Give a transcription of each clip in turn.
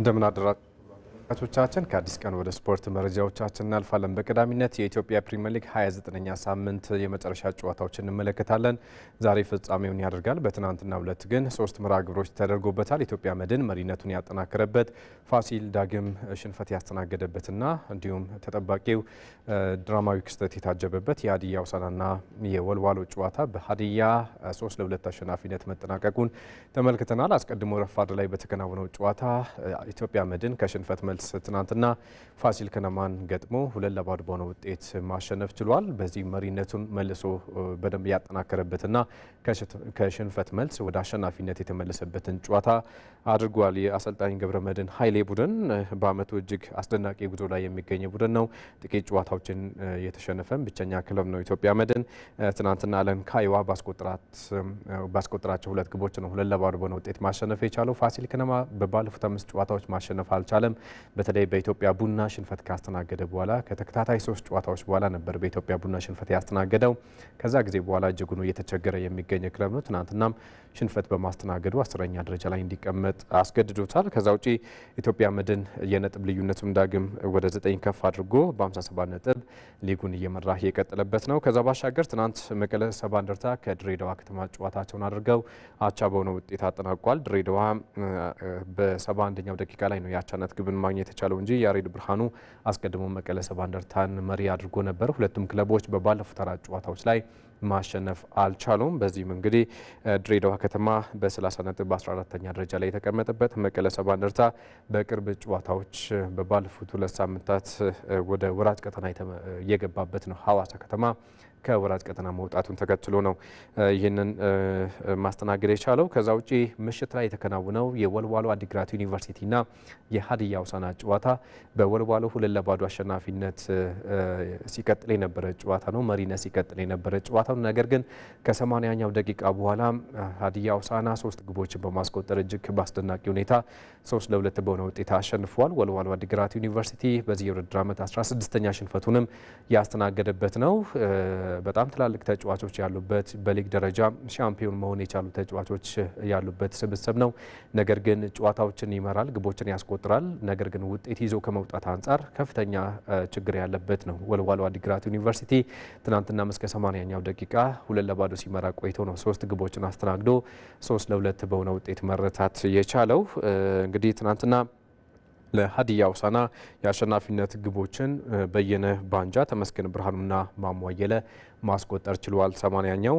እንደምን አደራችሁ። ተመልካቾቻችን ከአዲስ ቀን ወደ ስፖርት መረጃዎቻችን እናልፋለን። በቀዳሚነት የኢትዮጵያ ፕሪምየር ሊግ 29ኛ ሳምንት የመጨረሻ ጨዋታዎችን እንመለከታለን። ዛሬ ፍጻሜውን ያደርጋል። በትናንትናው ዕለት ግን ሶስት መርሃ ግብሮች ተደርጎበታል። ኢትዮጵያ መድን መሪነቱን ያጠናከረበት፣ ፋሲል ዳግም ሽንፈት ያስተናገደበትና እንዲሁም ተጠባቂው ድራማዊ ክስተት የታጀበበት የሀዲያ ሆሳዕናና የወልዋሎ ጨዋታ በሀዲያ 3 ለ2 አሸናፊነት መጠናቀቁን ተመልክተናል። አስቀድሞ ረፋድ ላይ በተከናወነው ጨዋታ ኢትዮጵያ መድን ከሽንፈት መልስ ፋሲልስ ትናንትና ፋሲል ከነማን ገጥሞ ሁለት ለባዶ በሆነ ውጤት ማሸነፍ ችሏል። በዚህ መሪነቱን መልሶ በደንብ ያጠናከረበትና ከሽንፈት መልስ ወደ አሸናፊነት የተመለሰበትን ጨዋታ አድርጓል። የአሰልጣኝ ገብረ መድን ኃይሌ ቡድን በአመቱ እጅግ አስደናቂ ጉዞ ላይ የሚገኝ ቡድን ነው። ጥቂት ጨዋታዎችን የተሸነፈን ብቸኛ ክለብ ነው ኢትዮጵያ መድን። ትናንትና አለን ካይዋ ባስቆጠራቸው ሁለት ግቦች ነው ሁለት ለባዶ በሆነ ውጤት ማሸነፍ የቻለው። ፋሲል ከነማ በባለፉት አምስት ጨዋታዎች ማሸነፍ አልቻለም። በተለይ በኢትዮጵያ ቡና ሽንፈት ካስተናገደ በኋላ ከተከታታይ ሶስት ጨዋታዎች በኋላ ነበር በኢትዮጵያ ቡና ሽንፈት ያስተናገደው። ከዛ ጊዜ በኋላ እጅጉን እየተቸገረ የሚገኝ ክለብ ነው። ትናንትናም ሽንፈት በማስተናገዱ አስረኛ ደረጃ ላይ እንዲቀመጥ አስገድዶታል። ከዛ ውጪ ኢትዮጵያ መድን የነጥብ ልዩነቱም ዳግም ወደ ዘጠኝ ከፍ አድርጎ በ57 ነጥብ ሊጉን እየመራ የቀጠለበት ነው። ከዛ ባሻገር ትናንት መቀለ ሰባ እንደርታ ከድሬዳዋ ከተማ ጨዋታቸውን አድርገው አቻ በሆነ ውጤት አጠናቋል። ድሬዳዋ በሰባ አንደኛው ደቂቃ ላይ ነው የአቻነት ግብን ማግኘት የተቻለው እንጂ ያሬድ ብርሃኑ አስቀድሞ መቀለ ሰባ እንደርታን መሪ አድርጎ ነበር። ሁለቱም ክለቦች በባለፉት አራት ጨዋታዎች ላይ ማሸነፍ አልቻሉም። በዚህም እንግዲህ ድሬዳዋ ከተማ በ30 ነጥብ በ14ተኛ ደረጃ ላይ የተቀመጠበት መቀለ ሰባ እንደርታ በቅርብ ጨዋታዎች በባለፉት ሁለት ሳምንታት ወደ ወራጅ ቀጠና የገባበት ነው። ሀዋሳ ከተማ ከወራጅ ቀጠና መውጣቱን ተከትሎ ነው ይህንን ማስተናገድ የቻለው። ከዛ ውጪ ምሽት ላይ የተከናወነው የወልዋሎ አዲግራት ዩኒቨርሲቲና የሀዲያ ውሳና ጨዋታ በወልዋሎ ሁለት ለባዶ አሸናፊነት ሲቀጥል የነበረ ጨዋታ ነው፣ መሪነት ሲቀጥል የነበረ ጨዋታ ነው። ነገር ግን ከሰማንያኛው ደቂቃ በኋላ ሀዲያ ውሳና ሶስት ግቦችን በማስቆጠር እጅግ በአስደናቂ ሁኔታ ሶስት ለሁለት በሆነ ውጤት አሸንፏል። ወልዋሎ አዲግራት ዩኒቨርሲቲ በዚህ የውድድር ዓመት 16ኛ ሽንፈቱንም ያስተናገደበት ነው። በጣም ትላልቅ ተጫዋቾች ያሉበት በሊግ ደረጃ ሻምፒዮን መሆን የቻሉ ተጫዋቾች ያሉበት ስብስብ ነው። ነገር ግን ጨዋታዎችን ይመራል፣ ግቦችን ያስቆጥራል። ነገር ግን ውጤት ይዞ ከመውጣት አንጻር ከፍተኛ ችግር ያለበት ነው። ወልዋሎ ዓዲግራት ዩኒቨርሲቲ ትናንትና እስከ 80ኛው ደቂቃ ሁለት ለባዶ ሲመራ ቆይቶ ነው ሶስት ግቦችን አስተናግዶ ሶስት ለሁለት በሆነ ውጤት መረታት የቻለው እንግዲህ ትናንትና ለሀዲያ ሆሳዕና የአሸናፊነት ግቦችን በየነ ባንጃ፣ ተመስገን ብርሃኑና ማሟየለ ማስቆጠር ችሏል። 80ኛው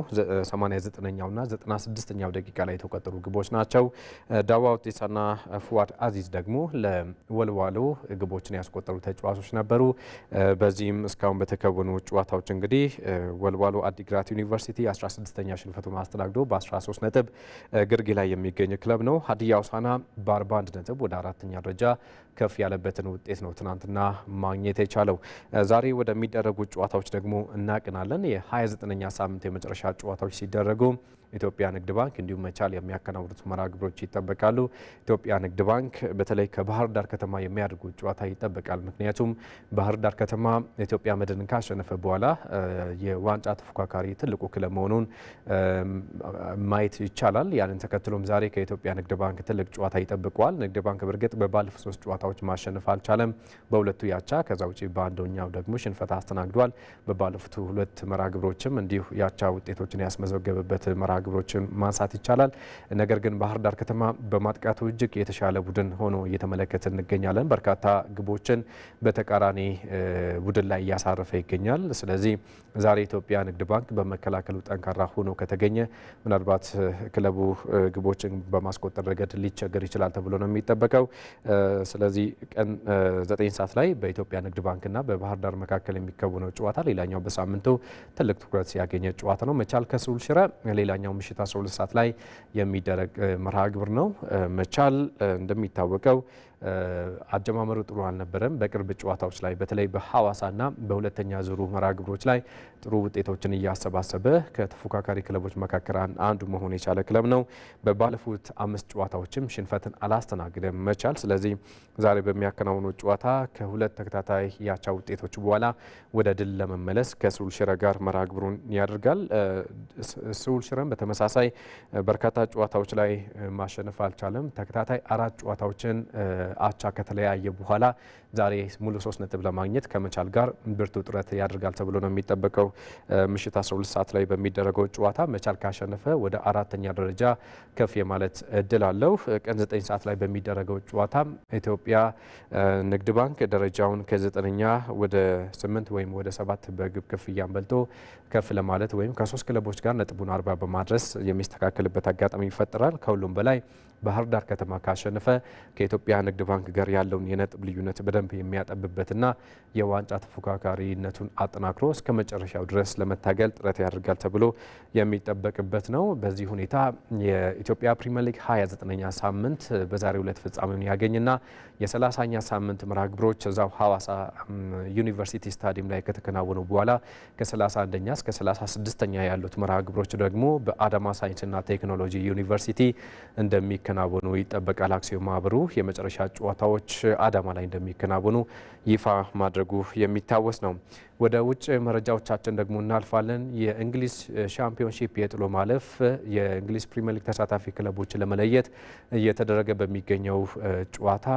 89ኛውና 96ኛው ደቂቃ ላይ የተቆጠሩ ግቦች ናቸው። ዳዋ ውጤሳና ፉዋድ አዚዝ ደግሞ ለወልዋሎ ግቦችን ያስቆጠሩ ተጫዋቾች ነበሩ። በዚህም እስካሁን በተከወኑ ጨዋታዎች እንግዲህ ወልዋሎ አዲግራት ዩኒቨርሲቲ 16ኛ ሽንፈቱን አስተናግዶ በ13 ነጥብ ግርጌ ላይ የሚገኝ ክለብ ነው። ሀዲያ ሆሳዕና በ41 ነጥብ ወደ አራተኛ ደረጃ ከፍ ያለበትን ውጤት ነው ትናንትና ማግኘት የቻለው። ዛሬ ወደሚደረጉ ጨዋታዎች ደግሞ እናቅናለን። የ29ኛ ሳምንት የመጨረሻ ጨዋታዎች ሲደረጉ ኢትዮጵያ ንግድ ባንክ እንዲሁም መቻል የሚያከናውኑት መርሃ ግብሮች ይጠበቃሉ። ኢትዮጵያ ንግድ ባንክ በተለይ ከባህር ዳር ከተማ የሚያደርጉት ጨዋታ ይጠበቃል። ምክንያቱም ባህር ዳር ከተማ ኢትዮጵያ መድን ካሸነፈ በኋላ የዋንጫ ተፎካካሪ ትልቁ ክለብ መሆኑን ማየት ይቻላል። ያንን ተከትሎም ዛሬ ከኢትዮጵያ ንግድ ባንክ ትልቅ ጨዋታ ይጠብቀዋል። ንግድ ባንክ በእርግጥ በባለፉት ሶስት ጨዋታዎች ማሸነፍ አልቻለም። በሁለቱ ያቻ፣ ከዛ ውጪ በአንደኛው ደግሞ ሽንፈት አስተናግዷል። በባለፉት ሁለት መርሃ ግብሮችም እንዲሁ ያቻ ውጤቶችን ያስመዘገበበት መርሃ ግብሮችን ማንሳት ይቻላል። ነገር ግን ባህር ዳር ከተማ በማጥቃቱ እጅግ የተሻለ ቡድን ሆኖ እየተመለከት እንገኛለን። በርካታ ግቦችን በተቃራኒ ቡድን ላይ እያሳረፈ ይገኛል። ስለዚህ ዛሬ ኢትዮጵያ ንግድ ባንክ በመከላከሉ ጠንካራ ሆኖ ከተገኘ ምናልባት ክለቡ ግቦችን በማስቆጠር ረገድ ሊቸገር ይችላል ተብሎ ነው የሚጠበቀው። ስለዚህ ቀን ዘጠኝ ሰዓት ላይ በኢትዮጵያ ንግድ ባንክና በባህር ዳር መካከል የሚከወነው ጨዋታ ሌላኛው በሳምንቱ ትልቅ ትኩረት ያገኘ ጨዋታ ነው። መቻል ከስውል ሽረ ሌላኛው ሰኞ ምሽት 12 ሰዓት ላይ የሚደረግ መርሃ ግብር ነው። መቻል እንደሚታወቀው አጀማመሩ ጥሩ አልነበረም። በቅርብ ጨዋታዎች ላይ በተለይ በሐዋሳና በሁለተኛ ዙሩ መርሃ ግብሮች ላይ ጥሩ ውጤቶችን እያሰባሰበ ከተፎካካሪ ክለቦች መካከል አንዱ መሆን የቻለ ክለብ ነው። በባለፉት አምስት ጨዋታዎችም ሽንፈትን አላስተናግደም መቻል። ስለዚህ ዛሬ በሚያከናውኑ ጨዋታ ከሁለት ተከታታይ ያቻ ውጤቶች በኋላ ወደ ድል ለመመለስ ከስውል ሽረ ጋር መርሃ ግብሩን ያደርጋል። ስውል ሽረም በተመሳሳይ በርካታ ጨዋታዎች ላይ ማሸነፍ አልቻለም። ተከታታይ አራት ጨዋታዎችን አቻ ከተለያየ በኋላ ዛሬ ሙሉ ሶስት ነጥብ ለማግኘት ከመቻል ጋር ብርቱ ጥረት ያደርጋል ተብሎ ነው የሚጠበቀው። ምሽት 12 ሰዓት ላይ በሚደረገው ጨዋታ መቻል ካሸነፈ ወደ አራተኛ ደረጃ ከፍ የማለት እድል አለው። ቀን 9 ሰዓት ላይ በሚደረገው ጨዋታ ኢትዮጵያ ንግድ ባንክ ደረጃውን ከዘጠነኛ ወደ ስምንት ወይም ወደ ሰባት በግብ ክፍያን በልጦ ከፍ ለማለት ወይም ከሶስት ክለቦች ጋር ነጥቡን አርባ በማድረስ የሚስተካከልበት አጋጣሚ ይፈጠራል። ከሁሉም በላይ ባህር ዳር ከተማ ካሸነፈ ከኢትዮጵያ ንግድ ባንክ ጋር ያለውን የነጥብ ልዩነት በደ በደንብ የሚያጠብበትና የዋንጫ ተፎካካሪነቱን አጠናክሮ እስከ መጨረሻው ድረስ ለመታገል ጥረት ያደርጋል ተብሎ የሚጠበቅበት ነው። በዚህ ሁኔታ የኢትዮጵያ ፕሪምየር ሊግ 29ኛ ሳምንት በዛሬው ዕለት ፍጻሜውን ያገኝና የ30ኛ ሳምንት መርሃ ግብሮች እዛው ሀዋሳ ዩኒቨርሲቲ ስታዲየም ላይ ከተከናወኑ በኋላ ከ31ኛ እስከ 36ኛ ያሉት መርሃ ግብሮች ደግሞ በአዳማ ሳይንስና ቴክኖሎጂ ዩኒቨርሲቲ እንደሚከናወኑ ይጠበቃል። አክሲዮን ማህበሩ የመጨረሻ ጨዋታዎች አዳማ ላይ እንደሚከናወኑ ማከናወኑ ይፋ ማድረጉ የሚታወስ ነው። ወደ ውጭ መረጃዎቻችን ደግሞ እናልፋለን። የእንግሊዝ ሻምፒዮንሺፕ የጥሎ ማለፍ የእንግሊዝ ፕሪምየር ሊግ ተሳታፊ ክለቦችን ለመለየት እየተደረገ በሚገኘው ጨዋታ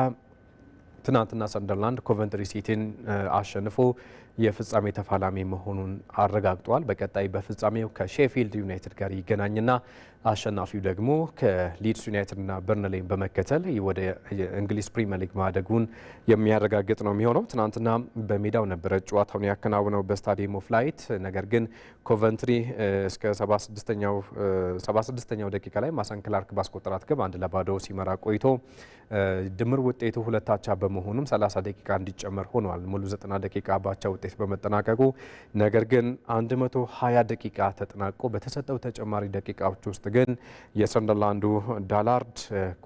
ትናንትና ሰንደርላንድ ኮቨንትሪ ሲቲን አሸንፎ የፍጻሜ ተፋላሚ መሆኑን አረጋግጧል። በቀጣይ በፍጻሜው ከሼፊልድ ዩናይትድ ጋር ይገናኝና አሸናፊው ደግሞ ከሊድስ ዩናይትድና በርንሌን በመከተል ወደ እንግሊዝ ፕሪሚየር ሊግ ማደጉን የሚያረጋግጥ ነው የሚሆነው። ትናንትና በሜዳው ነበረ ጨዋታውን ያከናውነው በስታዲየም ኦፍ ላይት። ነገር ግን ኮቨንትሪ እስከ 76ኛው ደቂቃ ላይ ማሰን ክላርክ ባስቆጠራት ግብ አንድ ለባዶ ሲመራ ቆይቶ ድምር ውጤቱ ሁለታቻ በመሆኑም 30 ደቂቃ እንዲጨመር ሆኗል። ሙሉ 90 ደቂቃ ባቻ ውጤት በመጠናቀቁ ነገር ግን 120 ደቂቃ ተጠናቆ በተሰጠው ተጨማሪ ደቂቃዎች ውስጥ ግን የሰንደርላንዱ ዳላርድ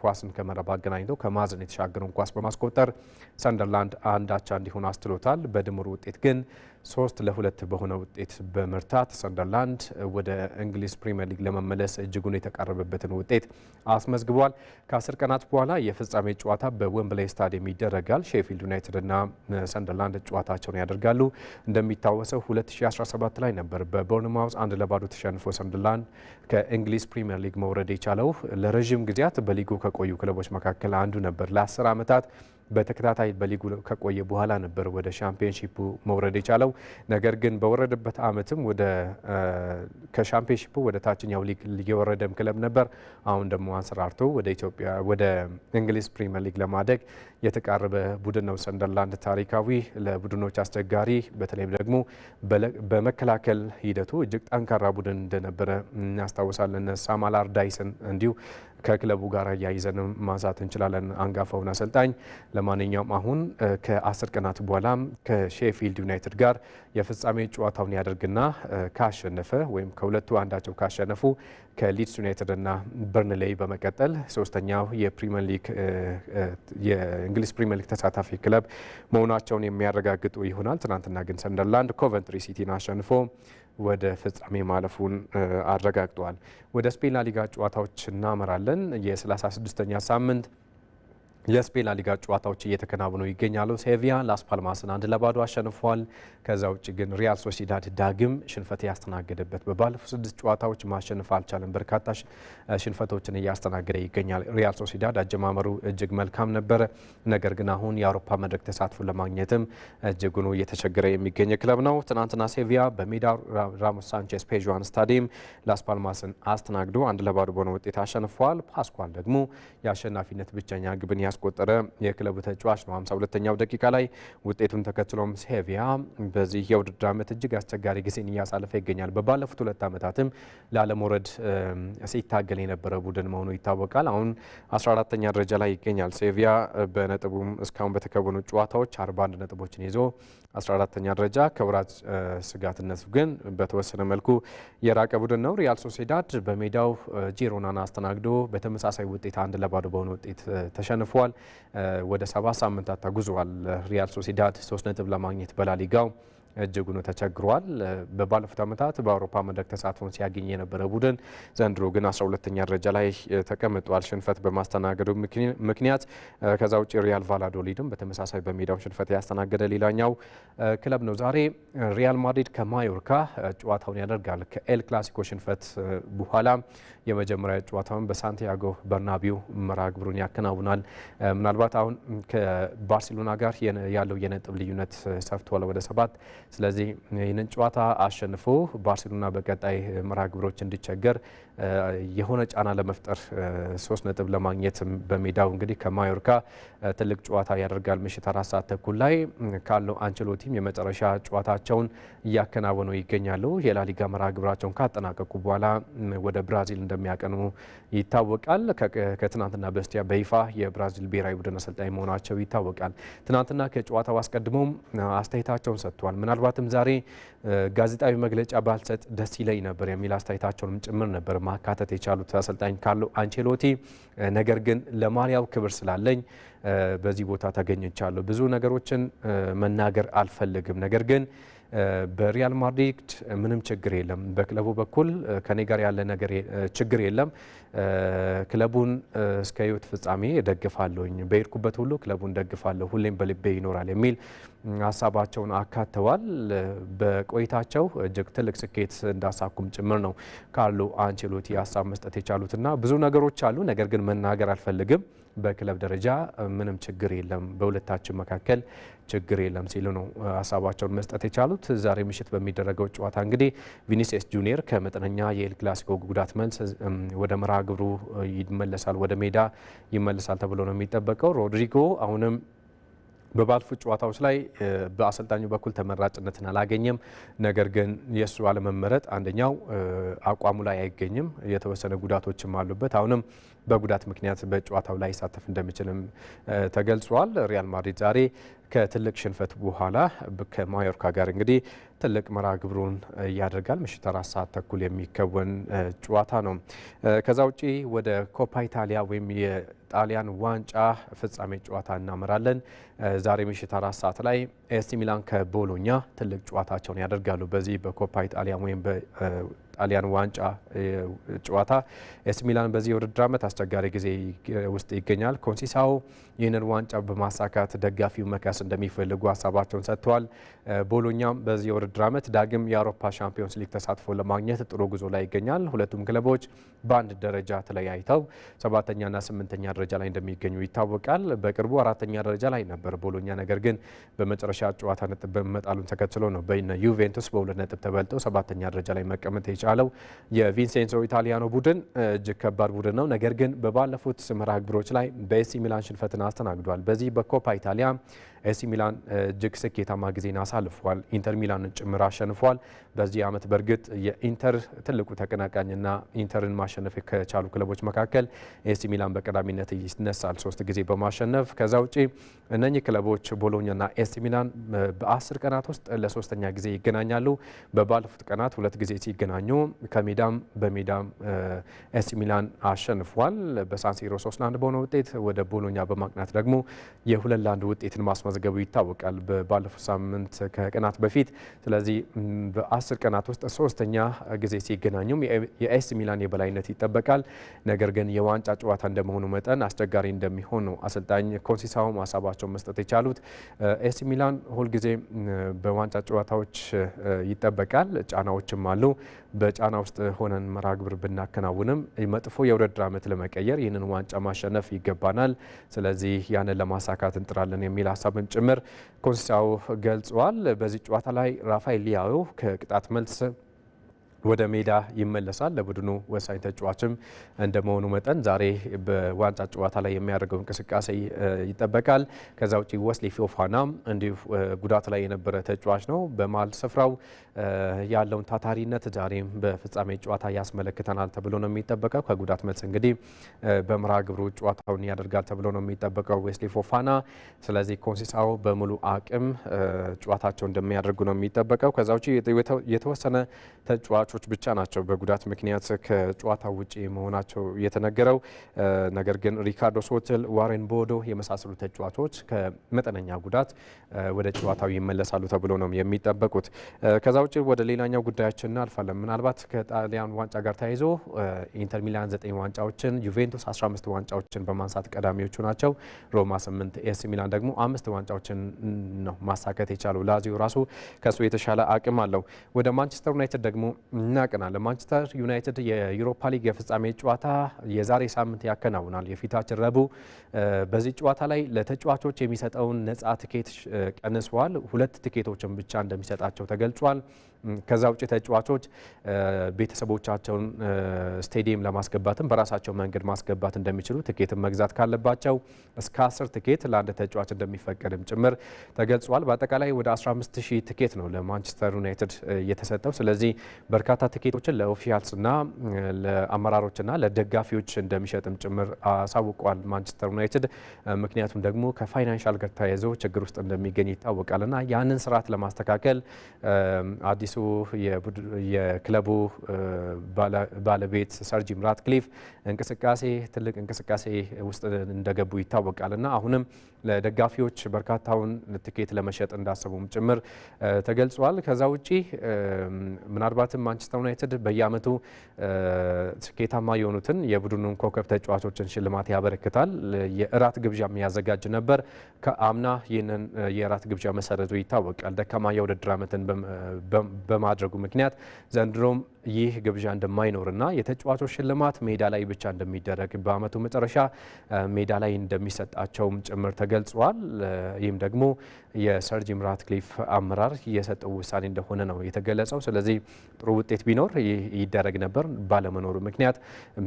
ኳስን ከመረብ አገናኝቶ ከማዕዘን የተሻገረውን ኳስ በማስቆጠር ሰንደርላንድ አንዳቻ እንዲሆን አስችሎታል። በድምር ውጤት ግን ሶስት ለሁለት በሆነ ውጤት በመርታት ሰንደርላንድ ወደ እንግሊዝ ፕሪምየር ሊግ ለመመለስ እጅጉን የተቃረበበትን ውጤት አስመዝግቧል። ከአስር ቀናት በኋላ የፍጻሜ ጨዋታ በዌምብሌይ ስታዲየም ይደረጋል። ሼፊልድ ዩናይትድና ሰንደርላንድ ጨዋታቸውን ያደርጋሉ። እንደሚታወሰው 2017 ላይ ነበር በቦርንማውዝ አንድ ለባዶ ተሸንፎ ሰንደርላንድ ከእንግሊዝ ፕሪምየር ሊግ መውረድ የቻለው። ለረዥም ጊዜያት በሊጉ ከቆዩ ክለቦች መካከል አንዱ ነበር። ለአስር ዓመታት በተከታታይ በሊጉ ከቆየ በኋላ ነበር ወደ ሻምፒዮንሺፑ መውረድ የቻለው። ነገር ግን በወረደበት አመትም ወደ ከሻምፒዮንሺፑ ወደ ታችኛው ሊግ የወረደም ክለብ ነበር። አሁን ደግሞ አንሰራርቶ ወደ ኢትዮጵያ ወደ እንግሊዝ ፕሪሚየር ሊግ ለማደግ የተቃረበ ቡድን ነው ሰንደርላንድ። ታሪካዊ ለቡድኖች አስቸጋሪ፣ በተለይም ደግሞ በመከላከል ሂደቱ እጅግ ጠንካራ ቡድን እንደነበረ እናስታውሳለን። ሳም አላርዳይስን እንዲሁ ከክለቡ ጋር እያይዘን ማንሳት እንችላለን አንጋፋውን አሰልጣኝ። ለማንኛውም አሁን ከአስር ቀናት በኋላም ከሼፊልድ ዩናይትድ ጋር የፍጻሜ ጨዋታውን ያደርግና ካሸነፈ ወይም ከሁለቱ አንዳቸው ካሸነፉ ከሊድስ ዩናይትድ በርንሌይ በመቀጠል ሶስተኛው የፕሪሚየር ሊግ የእንግሊዝ ፕሪሚየር ሊግ ተሳታፊ ክለብ መሆናቸውን የሚያረጋግጡ ይሆናል። ትናንትና ግን ሰንደርላንድ ኮቨንትሪ ሲቲን አሸንፎ ወደ ፍጻሜ ማለፉን አረጋግጠዋል። ወደ ስፔን ላሊጋ ጨዋታዎች እናመራለን። የ36ኛ ሳምንት የስፔን ላሊጋ ጨዋታዎች እየተከናወኑ ይገኛሉ። ሴቪያ ላስ ፓልማስን አንድ ለባዶ አሸንፏል። ከዛ ውጭ ግን ሪያል ሶሲዳድ ዳግም ሽንፈት ያስተናገደበት በባለፉት ስድስት ጨዋታዎች ማሸነፍ አልቻለም። በርካታ ሽንፈቶችን እያስተናገደ ይገኛል። ሪያል ሶሲዳድ አጀማመሩ እጅግ መልካም ነበረ። ነገር ግን አሁን የአውሮፓ መድረክ ተሳትፎ ለማግኘትም እጅጉኑ እየተቸገረ የሚገኝ ክለብ ነው። ትናንትና ሴቪያ በሜዳ ራሞስ ሳንቼስ ፔዥዋን ስታዲየም ላስ ፓልማስን አስተናግዶ አንድ ለባዶ በሆነ ውጤት አሸንፏል። ፓስኳል ደግሞ የአሸናፊነት ብቸኛ ግብን ያስቆጠረ የክለቡ ተጫዋች ነው። 52ኛው ደቂቃ ላይ ውጤቱን ተከትሎም ሴቪያ በዚህ የውድድር ዓመት እጅግ አስቸጋሪ ጊዜን እያሳለፈ ይገኛል። በባለፉት ሁለት ዓመታትም ላለመውረድ ሲታገል የነበረ ቡድን መሆኑ ይታወቃል። አሁን 14ኛ ደረጃ ላይ ይገኛል። ሴቪያ በነጥቡም እስካሁን በተከወኑ ጨዋታዎች 41 ነጥቦችን ይዞ 14ተኛ ደረጃ ከወራጅ ስጋትነቱ ግን በተወሰነ መልኩ የራቀ ቡድን ነው። ሪያል ሶሴዳድ በሜዳው ጂሮናን አስተናግዶ በተመሳሳይ ውጤት አንድ ለባዶ በሆነ ውጤት ተሸንፏል። ወደ ሰባት ሳምንታት ተጉዟል። ሪያል ሶሴዳድ ሶስት ነጥብ ለማግኘት በላሊጋው እጅጉን ተቸግሯል። በባለፉት ዓመታት በአውሮፓ መድረክ ተሳትፎን ሲያገኝ የነበረ ቡድን ዘንድሮ ግን 12ኛ ደረጃ ላይ ተቀምጧል፣ ሽንፈት በማስተናገዱ ምክንያት። ከዛ ውጭ ሪያል ቫላዶሊድም በተመሳሳይ በሜዳው ሽንፈት ያስተናገደ ሌላኛው ክለብ ነው። ዛሬ ሪያል ማድሪድ ከማዮርካ ጨዋታውን ያደርጋል። ከኤል ክላሲኮ ሽንፈት በኋላ የመጀመሪያ ጨዋታውን በሳንቲያጎ በርናቢው መርሃ ግብሩን ያከናውናል። ምናልባት አሁን ከባርሴሎና ጋር ያለው የነጥብ ልዩነት ሰፍቷል ወደ ሰባት ስለዚህ ይህንን ጨዋታ አሸንፎ ባርሴሎና በቀጣይ መርሃ ግብሮች እንዲቸገር የሆነ ጫና ለመፍጠር ሶስት ነጥብ ለማግኘት በሜዳው እንግዲህ ከማዮርካ ትልቅ ጨዋታ ያደርጋል። ምሽት አራት ሰዓት ተኩል ላይ ካርሎ አንቸሎቲም የመጨረሻ ጨዋታቸውን እያከናወኑ ይገኛሉ። የላሊጋ መርሃ ግብራቸውን ካጠናቀቁ በኋላ ወደ ብራዚል እንደሚያቀኑ ይታወቃል። ከትናንትና በስቲያ በይፋ የብራዚል ብሔራዊ ቡድን አሰልጣኝ መሆናቸው ይታወቃል። ትናንትና ከጨዋታው አስቀድሞም አስተያየታቸውን ሰጥተዋል። ምናልባትም ዛሬ ጋዜጣዊ መግለጫ ባልሰጥ ደስ ይለኝ ነበር የሚል አስተያየታቸውንም ጭምር ነበር ማካተት የቻሉት አሰልጣኝ ካርሎ አንቼሎቲ። ነገር ግን ለማሊያው ክብር ስላለኝ በዚህ ቦታ ተገኝቻለሁ፣ ብዙ ነገሮችን መናገር አልፈልግም፣ ነገር ግን በሪያል ማድሪድ ምንም ችግር የለም፣ በክለቡ በኩል ከኔ ጋር ያለ ነገር ችግር የለም፣ ክለቡን እስከ ሕይወት ፍጻሜ ደግፋለሁኝ በሄድኩበት ሁሉ ክለቡን ደግፋለሁ፣ ሁሌም በልቤ ይኖራል የሚል ሀሳባቸውን አካተዋል። በቆይታቸው እጅግ ትልቅ ስኬት እንዳሳኩም ጭምር ነው ካርሎ አንቸሎቲ ሀሳብ መስጠት የቻሉትና ብዙ ነገሮች አሉ፣ ነገር ግን መናገር አልፈልግም በክለብ ደረጃ ምንም ችግር የለም፣ በሁለታችን መካከል ችግር የለም ሲሉ ነው ሀሳባቸውን መስጠት የቻሉት። ዛሬ ምሽት በሚደረገው ጨዋታ እንግዲህ ቪኒሲየስ ጁኒየር ከመጠነኛ የኤል ክላሲኮ ጉዳት መልስ ወደ መርሃ ግብሩ ይመለሳል፣ ወደ ሜዳ ይመለሳል ተብሎ ነው የሚጠበቀው። ሮድሪጎ አሁንም በባለፉት ጨዋታዎች ላይ በአሰልጣኙ በኩል ተመራጭነትን አላገኘም። ነገር ግን የእሱ አለመመረጥ አንደኛው አቋሙ ላይ አይገኝም፣ የተወሰነ ጉዳቶችም አሉበት። አሁንም በጉዳት ምክንያት በጨዋታው ላይ ይሳተፍ እንደሚችልም ተገልጿል። ሪያል ማድሪድ ዛሬ ከትልቅ ሽንፈት በኋላ ከማዮርካ ጋር እንግዲህ ትልቅ መርሃ ግብሩን እያደርጋል። ምሽት አራት ሰዓት ተኩል የሚከወን ጨዋታ ነው። ከዛ ውጪ ወደ ኮፓ ኢታሊያ ወይም የጣሊያን ዋንጫ ፍጻሜ ጨዋታ እናመራለን። ዛሬ ምሽት አራት ሰዓት ላይ ኤሲ ሚላን ከቦሎኛ ትልቅ ጨዋታቸውን ያደርጋሉ። በዚህ በኮፓ ኢታሊያ ወይም በጣሊያን ዋንጫ ጨዋታ ኤሲ ሚላን በዚህ የውድድር ዓመት አስቸጋሪ ጊዜ ውስጥ ይገኛል። ኮንሲሳው ይህንን ዋንጫ በማሳካት ደጋፊው መካ መድረስ እንደሚፈልጉ ሀሳባቸውን ሰጥተዋል። ቦሎኛም በዚህ የውድድር ዓመት ዳግም የአውሮፓ ሻምፒዮንስ ሊግ ተሳትፎ ለማግኘት ጥሩ ጉዞ ላይ ይገኛል። ሁለቱም ክለቦች በአንድ ደረጃ ተለያይተው ሰባተኛና ስምንተኛ ደረጃ ላይ እንደሚገኙ ይታወቃል። በቅርቡ አራተኛ ደረጃ ላይ ነበር ቦሎኛ። ነገር ግን በመጨረሻ ጨዋታ ነጥብ በመጣሉን ተከትሎ ነው በነ ዩቬንቱስ በሁለት ነጥብ ተበልጦ ሰባተኛ ደረጃ ላይ መቀመጥ የቻለው። የቪንሴንሶ ኢታሊያኖ ቡድን እጅግ ከባድ ቡድን ነው። ነገር ግን በባለፉት መርሃ ግብሮች ላይ በኤሲ ሚላን ሽንፈትን አስተናግዷል። በዚህ በኮፓ ኢታሊያ ኤሲ ሚላን እጅግ ስኬታማ ጊዜን አሳልፏል። ኢንተር ሚላንን ጭምር አሸንፏል። በዚህ ዓመት በእርግጥ የኢንተር ትልቁ ተቀናቃኝና ኢንተርን ማሸነፍ ከቻሉ ክለቦች መካከል ኤሲ ሚላን በቀዳሚነት ይነሳል ሶስት ጊዜ በማሸነፍ ከዛ ውጪ እነኚህ ክለቦች ቦሎኛና ኤሲ ሚላን በአስር ቀናት ውስጥ ለሶስተኛ ጊዜ ይገናኛሉ። በባለፉት ቀናት ሁለት ጊዜ ሲገናኙ ከሜዳም በሜዳም ኤሲ ሚላን አሸንፏል። በሳንሲሮ ሶስት ለአንድ በሆነ ውጤት ወደ ቦሎኛ በማቅናት ደግሞ የሁለት ለአንድ ውጤትን ማስመ ማስመዘገቡ ይታወቃል ባለፈው ሳምንት ከቀናት በፊት። ስለዚህ በአስር ቀናት ውስጥ ሶስተኛ ጊዜ ሲገናኙም የኤስ ሚላን የበላይነት ይጠበቃል። ነገር ግን የዋንጫ ጨዋታ እንደመሆኑ መጠን አስቸጋሪ እንደሚሆን ነው አሰልጣኝ ኮንሲሳው ሀሳባቸውን መስጠት የቻሉት። ኤስ ሚላን ሁልጊዜ በዋንጫ ጨዋታዎች ይጠበቃል፣ ጫናዎችም አሉ። በጫና ውስጥ ሆነን መራግብር ብናከናውንም መጥፎ የውድድር ዓመት ለመቀየር ይህንን ዋንጫ ማሸነፍ ይገባናል። ስለዚህ ያንን ለማሳካት እንጥራለን የሚል ሀሳብም ጭምር ኮንስታው ገልጿል። በዚህ ጨዋታ ላይ ራፋኤል ሊያዮ ከቅጣት መልስ ወደ ሜዳ ይመለሳል። ለቡድኑ ወሳኝ ተጫዋችም እንደመሆኑ መጠን ዛሬ በዋንጫ ጨዋታ ላይ የሚያደርገው እንቅስቃሴ ይጠበቃል። ከዛ ውጭ ወስሊ ፎፋና እንዲሁ ጉዳት ላይ የነበረ ተጫዋች ነው። በመሀል ስፍራው ያለውን ታታሪነት ዛሬም በፍጻሜ ጨዋታ ያስመለክተናል ተብሎ ነው የሚጠበቀው። ከጉዳት መልስ እንግዲህ በምራ ግብሩ ጨዋታውን ያደርጋል ተብሎ ነው የሚጠበቀው ዌስሊ ፎፋና። ስለዚህ ኮንሲሳው በሙሉ አቅም ጨዋታቸው እንደሚያደርጉ ነው የሚጠበቀው። ከዛ ውጭ የተወሰነ ተጫዋች ተጫዋቾች ብቻ ናቸው በጉዳት ምክንያት ከጨዋታ ውጪ መሆናቸው የተነገረው። ነገር ግን ሪካርዶ ሶትል፣ ዋሬን ቦዶ የመሳሰሉ ተጫዋቾች ከመጠነኛ ጉዳት ወደ ጨዋታው ይመለሳሉ ተብሎ ነው የሚጠበቁት። ከዛ ውጭ ወደ ሌላኛው ጉዳያችን እናልፋለን። ምናልባት ከጣሊያን ዋንጫ ጋር ተያይዞ ኢንተር ሚላን 9 ዋንጫዎችን፣ ዩቬንቱስ 15 ዋንጫዎችን በማንሳት ቀዳሚዎቹ ናቸው። ሮማ 8፣ ኤሲ ሚላን ደግሞ አምስት ዋንጫዎችን ነው ማሳከት የቻለው። ላዚዮ ራሱ ከእሱ የተሻለ አቅም አለው። ወደ ማንቸስተር ዩናይትድ ደግሞ እናቀና ለማንቸስተር ዩናይትድ የዩሮፓ ሊግ የፍጻሜ ጨዋታ የዛሬ ሳምንት ያከናውናል። የፊታችን ረቡዕ በዚህ ጨዋታ ላይ ለተጫዋቾች የሚሰጠውን ነፃ ትኬት ቀንሷል። ሁለት ትኬቶችን ብቻ እንደሚሰጣቸው ተገልጿል። ከዛ ውጭ ተጫዋቾች ቤተሰቦቻቸውን ስቴዲየም ለማስገባትም በራሳቸው መንገድ ማስገባት እንደሚችሉ ትኬትን መግዛት ካለባቸው እስከ አስር ትኬት ለአንድ ተጫዋች እንደሚፈቀድም ጭምር ተገልጿል። በአጠቃላይ ወደ 15 ሺህ ትኬት ነው ለማንቸስተር ዩናይትድ የተሰጠው። ስለዚህ በርካታ ትኬቶችን ለኦፊሻልስና ለአመራሮችና ለደጋፊዎች እንደሚሸጥም ጭምር አሳውቋል ማንቸስተር ዩናይትድ። ምክንያቱም ደግሞ ከፋይናንሻል ጋር ተያይዞ ችግር ውስጥ እንደሚገኝ ይታወቃልና ያንን ስርዓት ለማስተካከል አዲስ አዲሱ የክለቡ ባለቤት ሰር ጂም ራትክሊፍ እንቅስቃሴ ትልቅ እንቅስቃሴ ውስጥ እንደገቡ ይታወቃል እና አሁንም ለደጋፊዎች በርካታውን ትኬት ለመሸጥ እንዳሰቡም ጭምር ተገልጿል። ከዛ ውጪ ምናልባትም ማንቸስተር ዩናይትድ በየአመቱ ስኬታማ የሆኑትን የቡድኑን ኮከብ ተጫዋቾችን ሽልማት ያበረክታል። የእራት ግብዣ የሚያዘጋጅ ነበር። ከአምና ይህንን የእራት ግብዣ መሰረቱ ይታወቃል። ደካማ የውድድር አመትን በማድረጉ ምክንያት ዘንድሮም ይህ ግብዣ እንደማይኖርና የተጫዋቾች ሽልማት ሜዳ ላይ ብቻ እንደሚደረግ በአመቱ መጨረሻ ሜዳ ላይ እንደሚሰጣቸውም ጭምር ተገልጿል። ይህም ደግሞ የሰር ጂም ራትክሊፍ አመራር የሰጠው ውሳኔ እንደሆነ ነው የተገለጸው። ስለዚህ ጥሩ ውጤት ቢኖር ይደረግ ነበር። ባለመኖሩ ምክንያት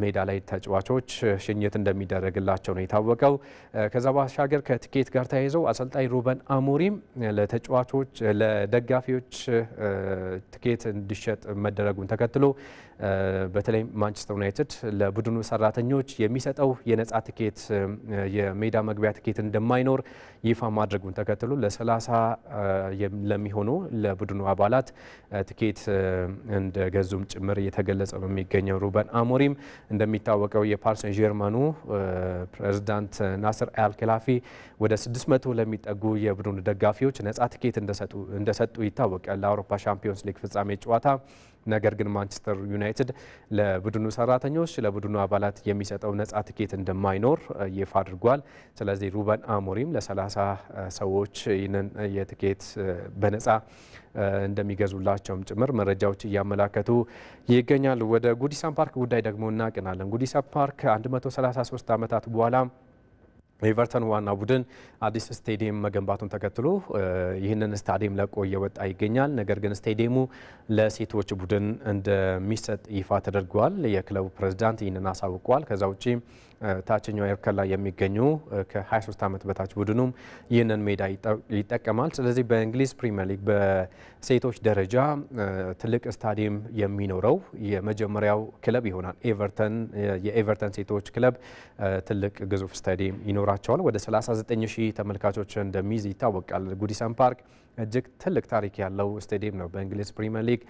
ሜዳ ላይ ተጫዋቾች ሽኝት እንደሚደረግላቸው ነው የታወቀው። ከዛ ባሻገር ከትኬት ጋር ተያይዘው አሰልጣኝ ሩበን አሞሪም ለተጫዋቾች ለደጋፊዎች ትኬት እንዲሸጥ መደረጉን ተከትሎ ተከትሎ በተለይ ማንቸስተር ዩናይትድ ለቡድኑ ሰራተኞች የሚሰጠው የነጻ ትኬት የሜዳ መግቢያ ትኬት እንደማይኖር ይፋ ማድረጉን ተከትሎ ለ30 ለሚሆኑ ለቡድኑ አባላት ትኬት እንደገዙም ጭምር እየተገለጸ ነው የሚገኘው። ሩበን አሞሪም እንደሚታወቀው የፓርሰን ጀርማኑ ፕሬዚዳንት ናስር አልኬላፊ ወደ 600 ለሚጠጉ የቡድኑ ደጋፊዎች ነጻ ትኬት እንደሰጡ ይታወቃል። ለአውሮፓ ሻምፒዮንስ ሊግ ፍጻሜ ጨዋታ ነገር ግን ማንቸስተር ዩናይትድ ለቡድኑ ሰራተኞች፣ ለቡድኑ አባላት የሚሰጠው ነጻ ትኬት እንደማይኖር ይፋ አድርጓል። ስለዚህ ሩበን አሞሪም ለሰላሳ ሰዎች ይህንን የትኬት በነጻ እንደሚገዙላቸውም ጭምር መረጃዎች እያመላከቱ ይገኛሉ። ወደ ጉዲሳን ፓርክ ጉዳይ ደግሞ እናቅናለን። ጉዲሳን ፓርክ 133 ዓመታት በኋላ ኤቨርተን ዋና ቡድን አዲስ ስቴዲየም መገንባቱን ተከትሎ ይህንን ስታዲየም ለቆ እየወጣ ይገኛል። ነገር ግን ስቴዲየሙ ለሴቶች ቡድን እንደሚሰጥ ይፋ ተደርጓል። የክለቡ ፕሬዝዳንት ይህንን አሳውቋል። ከዛ ውጪ ታችኛው እርከን ላይ የሚገኙ ከ23 ዓመት በታች ቡድኑም ይህንን ሜዳ ይጠቀማል። ስለዚህ በእንግሊዝ ፕሪሚየር ሊግ በሴቶች ደረጃ ትልቅ ስታዲየም የሚኖረው የመጀመሪያው ክለብ ይሆናል። ኤቨርተን የኤቨርተን ሴቶች ክለብ ትልቅ ግዙፍ ስታዲየም ይኖራቸዋል። ወደ 39 ሺህ ተመልካቾች እንደሚይዝ ይታወቃል። ጉዲሰን ፓርክ እጅግ ትልቅ ታሪክ ያለው ስቴዲየም ነው በእንግሊዝ ፕሪምየር ሊግ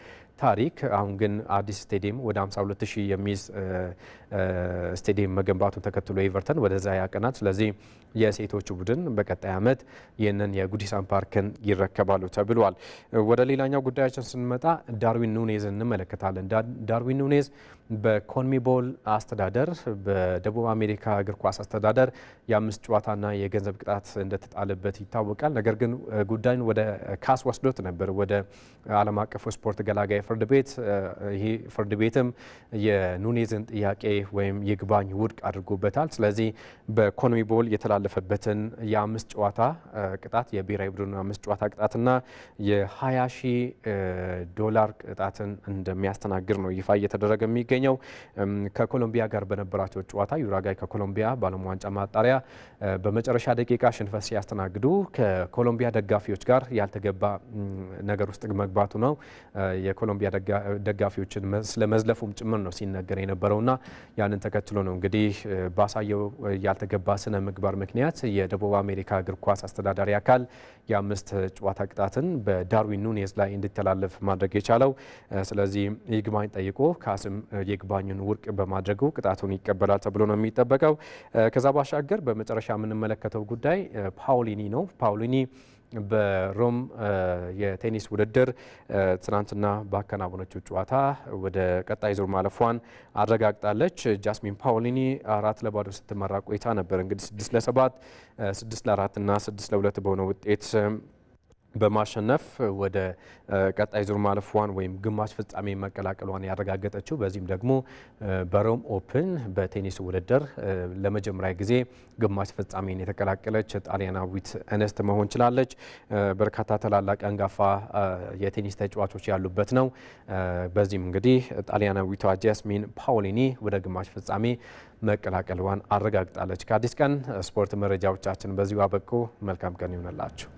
ታሪክ። አሁን ግን አዲስ ስቴዲየም ወደ 52 ሺህ የሚይዝ ስቴዲየም መገንባቱን ተከትሎ ኤቨርተን ወደዛ ያቀናል። ስለዚህ የሴቶቹ ቡድን በቀጣይ ዓመት ይህንን የጉዲሳን ፓርክን ይረከባሉ ተብሏል። ወደ ሌላኛው ጉዳያችን ስንመጣ ዳርዊን ኑኔዝ እንመለከታለን። ዳርዊን ኑኔዝ በኮንሚቦል አስተዳደር በደቡብ አሜሪካ እግር ኳስ አስተዳደር የአምስት ጨዋታና የገንዘብ ቅጣት እንደተጣለበት ይታወቃል። ነገር ግን ጉዳዩን ወደ ካስ ወስዶት ነበር ወደ ዓለም አቀፉ ስፖርት ገላጋይ ፍርድ ቤት። ይህ ፍርድ ቤትም የኑኔዝን ጥያቄ ወይም ይግባኝ ውድቅ አድርጎበታል። ስለዚህ በኮኖሚ ቦል የተላለፈበትን የአምስት ጨዋታ ቅጣት የብሔራዊ ቡድኑ አምስት ጨዋታ ቅጣትና የ20 ሺህ ዶላር ቅጣትን እንደሚያስተናግድ ነው ይፋ እየተደረገ የሚገኘው። ከኮሎምቢያ ጋር በነበራቸው ጨዋታ ዩራጋይ ከኮሎምቢያ በዓለም ዋንጫ ማጣሪያ በመጨረሻ ደቂቃ ሽንፈት ሲያስተናግዱ ከኮሎምቢያ ደጋፊዎች ጋር ያልተገባ ነገር ውስጥ መግባቱ ነው የኮሎምቢያ ደጋፊዎችን ስለመዝለፉም ጭምር ነው ሲነገር የነበረውና ያንን ተከትሎ ነው እንግዲህ ባሳየው ያልተገባ ስነ ምግባር ምክንያት የደቡብ አሜሪካ እግር ኳስ አስተዳዳሪ አካል የአምስት ጨዋታ ቅጣትን በዳርዊን ኑኔዝ ላይ እንዲተላለፍ ማድረግ የቻለው። ስለዚህ ይግባኝ ጠይቆ ካስም ይግባኙን ውድቅ በማድረጉ ቅጣቱን ይቀበላል ተብሎ ነው የሚጠበቀው። ከዛ ባሻገር በመጨረሻ የምንመለከተው ጉዳይ ፓውሊኒ ነው። ፓውሊኒ በሮም የቴኒስ ውድድር ትናንትና ባከናወነችው ጨዋታ ወደ ቀጣይ ዙር ማለፏን አረጋግጣለች። ጃስሚን ፓውሊኒ አራት ለባዶ ስትመራ ቆይታ ነበር እንግዲህ ስድስት ለሰባት ስድስት ለአራት እና ስድስት ለሁለት በሆነ ውጤት በማሸነፍ ወደ ቀጣይ ዙር ማለፏን ወይም ግማሽ ፍጻሜ መቀላቀሏን ያረጋገጠችው በዚህም ደግሞ በሮም ኦፕን በቴኒስ ውድድር ለመጀመሪያ ጊዜ ግማሽ ፍጻሜን የተቀላቀለች ጣሊያናዊት እንስት መሆን ችላለች። በርካታ ታላላቅ አንጋፋ የቴኒስ ተጫዋቾች ያሉበት ነው። በዚህም እንግዲህ ጣሊያናዊቷ ጃስሚን ፓውሊኒ ወደ ግማሽ ፍጻሜ መቀላቀሏን አረጋግጣለች። ከአዲስ ቀን ስፖርት መረጃዎቻችን በዚሁ አበቁ። መልካም ቀን ይሆነላችሁ።